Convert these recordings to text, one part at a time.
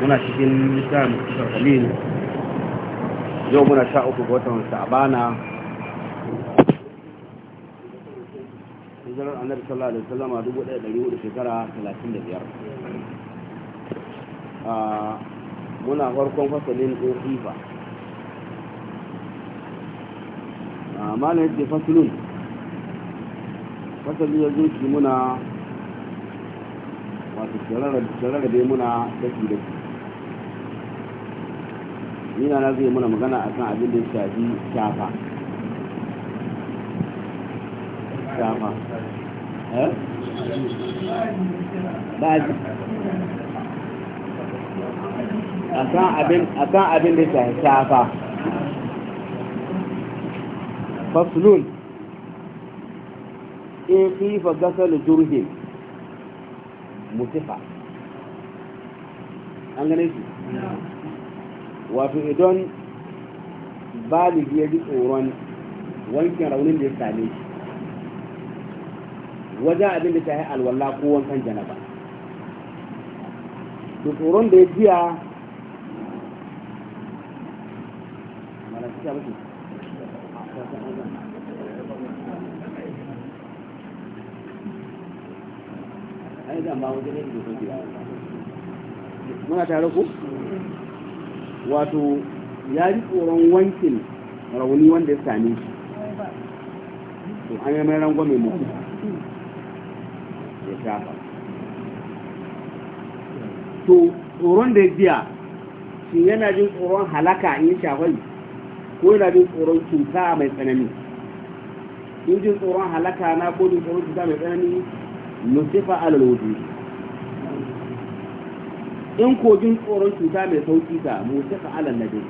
muna cikin littafin kalil yau muna sha uku ga watan sa'abana hijirar annabi sallallahu alaihi wasallam a dubu daya ɗari hudu shekara talatin da biyar muna farkon fasalin ofifa a malin yadda fasalin fasali ya zuci muna wato tsarara da muna daki daki nina na zai muna magana a kan abin da ya shafi shafa shafa eh daji a kan abin da ya shafi shafa fasulun in kifa gasal jurhin mutifa an gane shi wato idan baligi ya ji tsoron wankin raunin da ya same shi wajen abin da ta yi alwala ko wankan janaba da tsoron da ya jiya mana muna tare ku wato ya ji tsoron wankin rauni wanda ya sami shi an yi mai rangon mai mutu ya shafa to tsoron da ya biya shi yana jin tsoron halaka in ya shafai ko yana jin tsoron cuta mai tsanani in jin tsoron halaka na kodin tsoron cuta mai tsanani nusifa alal wudu in kogin tsoron cuta mai sauki ta musifa alal nabi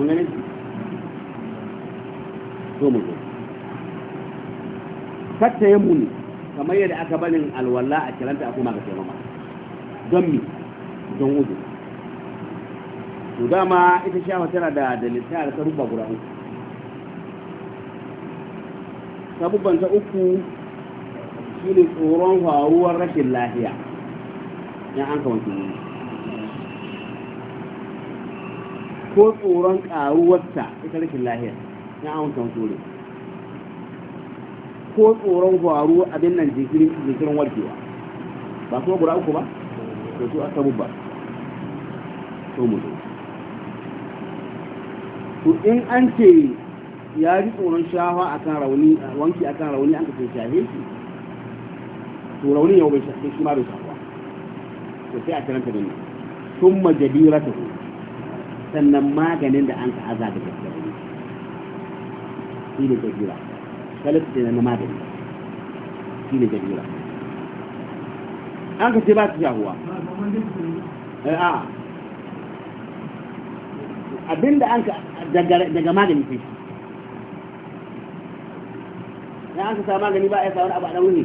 mun gane to mu zo Tattaye ya muni kamar yadda aka barin alwala a kiranta a kuma ga taimama don mi don wudu to dama ita shafa tana da dalilta da ta rubba guda uku sabubban ta uku shi ne tsoron faruwar rashin lahiya ya an ka wanke wuri ko tsoron karuwarta ita rashin lahiya ya an ka wanke ko tsoron faruwar abin nan jinkirin warkewa ba kuma guda uku ba da su aka bubba so mu zo to in an ce ya ji tsoron shawa akan rauni wanki akan rauni an ka ce shahe shi to rauni yau bai shafe shi ma bai shafa to sai a karanta da ni sun majadira ta sannan maganin da an ka aza da gaskiya shi ne jadira kalifin na magani shi ne jadira an ka ce ba su shahuwa eh, a abinda an ka daga magani sai shi na an ka sa magani ba a yi sa wani abu a ɗan wuni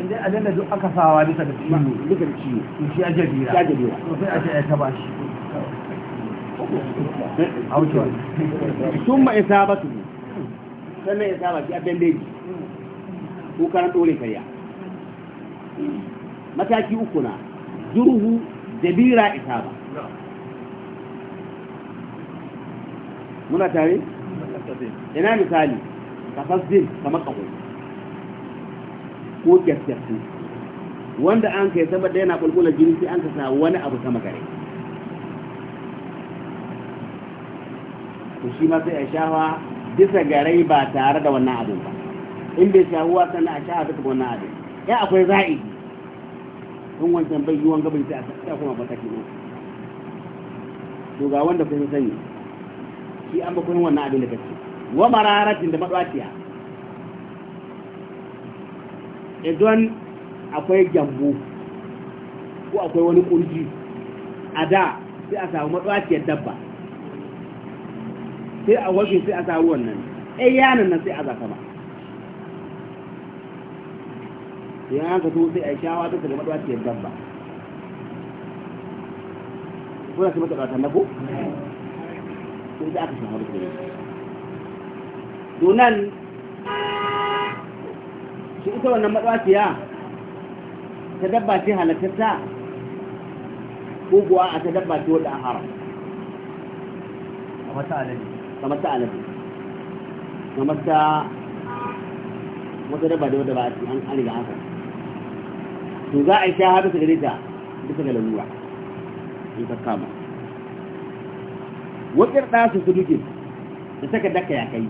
in dai da duk aka sawa bisa da ciwo duka da ciwo mm, shi ya to sai ya taba shi sun isa ba sannan isa ba shi a daji ko karan dole karya mataki uku na jurhu jabira isa ba muna tare ina misali ka fasdin kamar kakwai ko kyakkyakku wanda an kai saboda yana kulkula jini sai an kasa wani abu sama gare to shi ma sai a shawa bisa gare ba tare da wannan abin ba in bai shawuwa sannan a shawa bisa wannan abin ya akwai za'i in wancan bai yiwon gabin sai a sa kuma ba kake nan to ga wanda kun sani shi an ba kun wannan abin da kake wa mararatin da madwaciya idan akwai gyambo ko akwai wani kurji a da sai a samu matsakiyar dabba sai a wasu sai a samu wannan ɗai yanan nan sai a zaka ba sai an to sai a shawa ta daga matsakiyar dabba ko da su mata ɗata nako? sai aka shawa da donan shi ita wannan matsaciya ta dabba ce halittarta ko kuwa a ta dabba ce wadda a haram kamar ta alabi kamar ta alabi kamar ta wata dabba da wadda ba a cikin an riga an to za a yi sha haɗu su gare ta bisa ga lalura in ka kama wakil ɗasa su duke da saka daka ya kai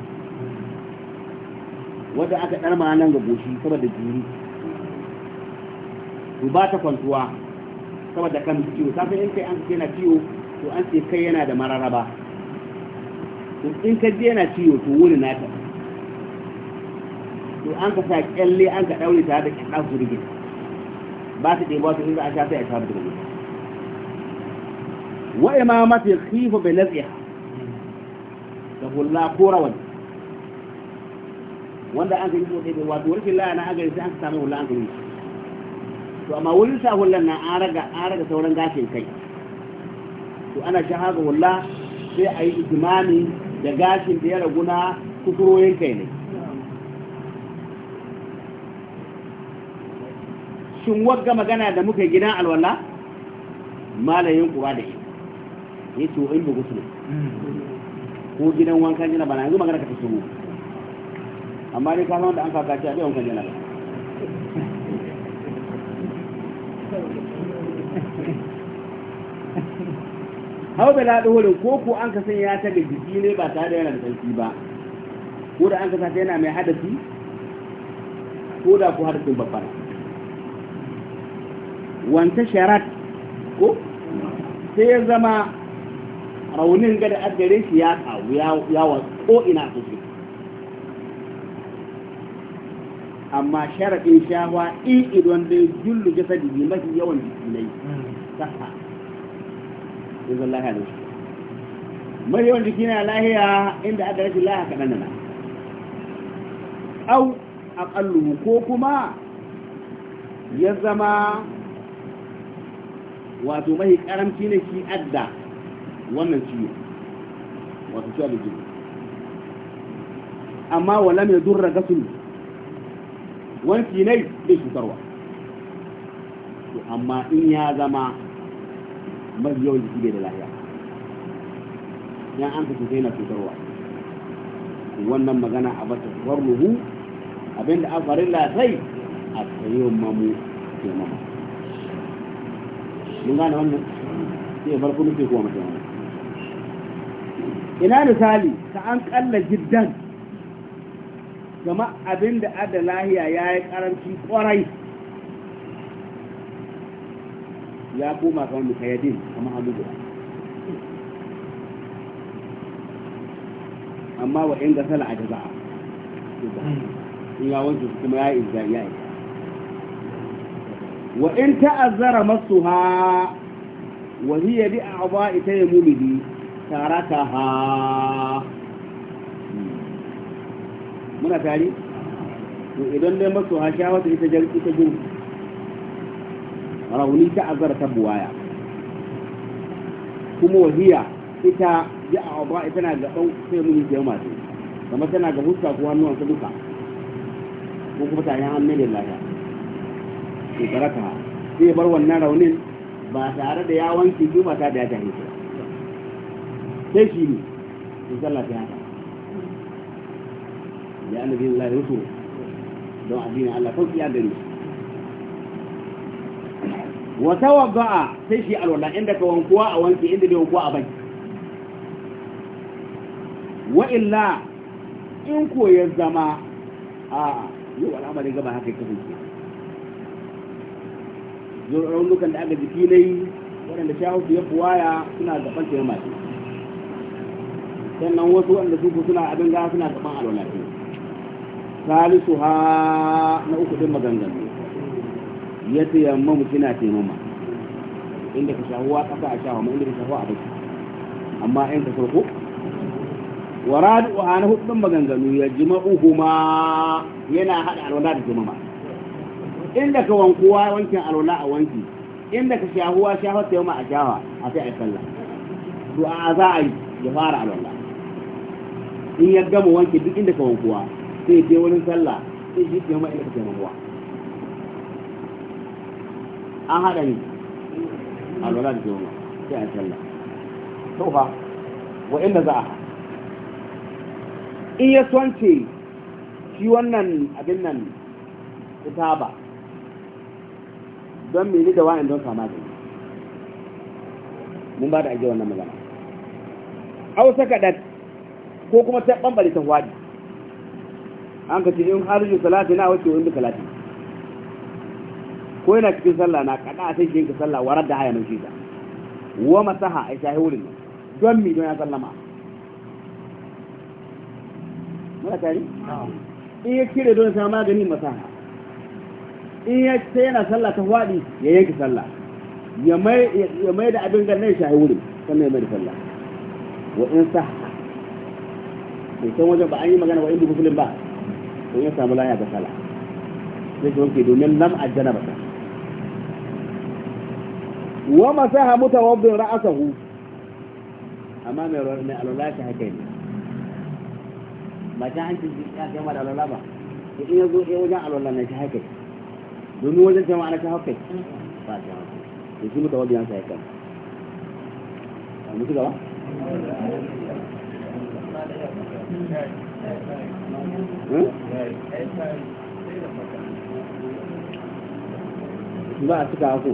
wadda aka ɗarma nan ga goshi saboda jiri ku ba ta kwantuwa saboda kan ciwo ta in kai an ce yana ciwo to an ce kai yana da mararaba to in ka je yana ciwo to wuri nata to an ka sa kyalle an ka ɗaure ta da kyaɗa su ba ta ɗebuwa to in a sha sai a sha da rigin wa imamatu khifu bi naziha da hula ko rawani wanda an kai sosai da wato wani laya na agari sai an samu hula an kai to amma wani sa hullan na an raga an raga sauran gashin kai to ana shahaga hula sai a yi ijimami da gashin da ya raguna kusuroyin kai ne shin wagga magana da muka gina alwala malayin kuwa da ita ya ce wa in bugu hmm. ko gidan wanka jina bana yanzu magana ka ta shigo amma dai kama wanda an kakaci a ɗaya jana hau da laɗuhurin ko ko an kasan ya ta da jiki ne ba tare da yana da tsarki ba ko da an kasa ta yana mai hadafi ko da ko hadafin babbar. wanta sharat ko sai ya zama raunin gada adare shi ya kawo ya ko ina sosai amma sharaɗin shawa in idon dai jullu jasadi ne mafi yawan jiki ne hmm. sassa zan lahiya da shi mafi yawan jiki na lahiya inda aka rashin lahiya kaɗan na au ƙallu ko kuma ya zama wato mafi ƙaramci ne shi adda wannan ciwo wato ciwo da jini amma walam ya durra gasulu wanki nai bai cutarwa amma in ya zama mafi yawan jiki bai da lafiya yan an ka na yana cutarwa wannan magana a bata farluhu abinda a farilla sai a tsayin mamu ke mama mun gane wannan sai farko nufi kuma mutum ina misali ta an kalla jiddan gama abin da adda lahiya ya yi karanci ƙwarai ya koma kamar mukayadin kamar hannu guda amma wa in gasala a jaza'a in ya wanke kuma ya yi ya yi wa in ta'azzara masuha wa hiya bi a'dha'i tayammumi ha. muna tare to idan dai masu hasha wata ita jar ita jin rauni ta azar ta buwaya kuma wahiya ita ya a ba ita na ga dau sai mun yi masu kuma tana ga huska ko hannuwan su duka ko kuma ta yan hannun lillahi to baraka sai bar wannan raunin ba tare da ya wanke ba da ya tafi sai shi ne to ta haka ya annabi Allah ya rusu don addinin Allah sauki ya gani wa tawadda sai shi alwala inda ka wankuwa a wanki inda bai wankuwa a bai wa illa in ko ya zama a yau al'amarin gaba haka yake kuke yau raunukan da aka ji filai waɗanda shahusu ya buwaya suna gaban taimaki sannan wasu waɗanda su suna abin gawa suna gaban alwala salisu ha na uku din maganganu ya ce yamma mu kina taimama inda ka shahuwa kasa a shahuwa inda ka shahuwa a baki amma in ka sarko wa radu a na hudu maganganu ya ma'uhu ma yana haɗa alwala da jimama inda ka wankuwa wankin alwala a wanki inda ka shahuwa shahuwa taimama a shahuwa a sai a sallah to a za a yi ya fara alwala in ya gama wanki duk inda ka wankuwa sai je wurin sallah sai shi ke mai ilaka taimakowa an haɗa ni lura da taimakowa sai an sallah to fa wa inda za a in ya ce shi wannan abin nan ita ba don mene da wa'in don kama da ni mun ba da ajiyar wannan magana a saka kaɗan ko kuma ta bambare ta wadi an ka ce in harjin salati na wace wani salati ko yana cikin sallah na kada a sai yanka ka sallah warar da haya naushi ta wa masaha a shahi wurin nan don mi don ya sallama mara tari in ya kire don sa magani masaha in ya sai yana sallah ta hwadi ya yanki sallah ya mai da abin ganin shahi wurin sannan ya mai da sallah wa in sa bai san wajen ba an yi magana wa inda musulun ba to ya samu laya ga sala zai ji wanke domin lam ajjana ba wa masa masaha mutawaddin ra'asahu amma mai mai alwala ta haka ne ba ta an cikin ya kai ma da alwala ba to in ya zo ya wajen alwala na shi haka domin wajen jama'a na ta haka ba ta haka to shi mutawaddin ya sa a mutu gaba Hmm? ba a cika haku.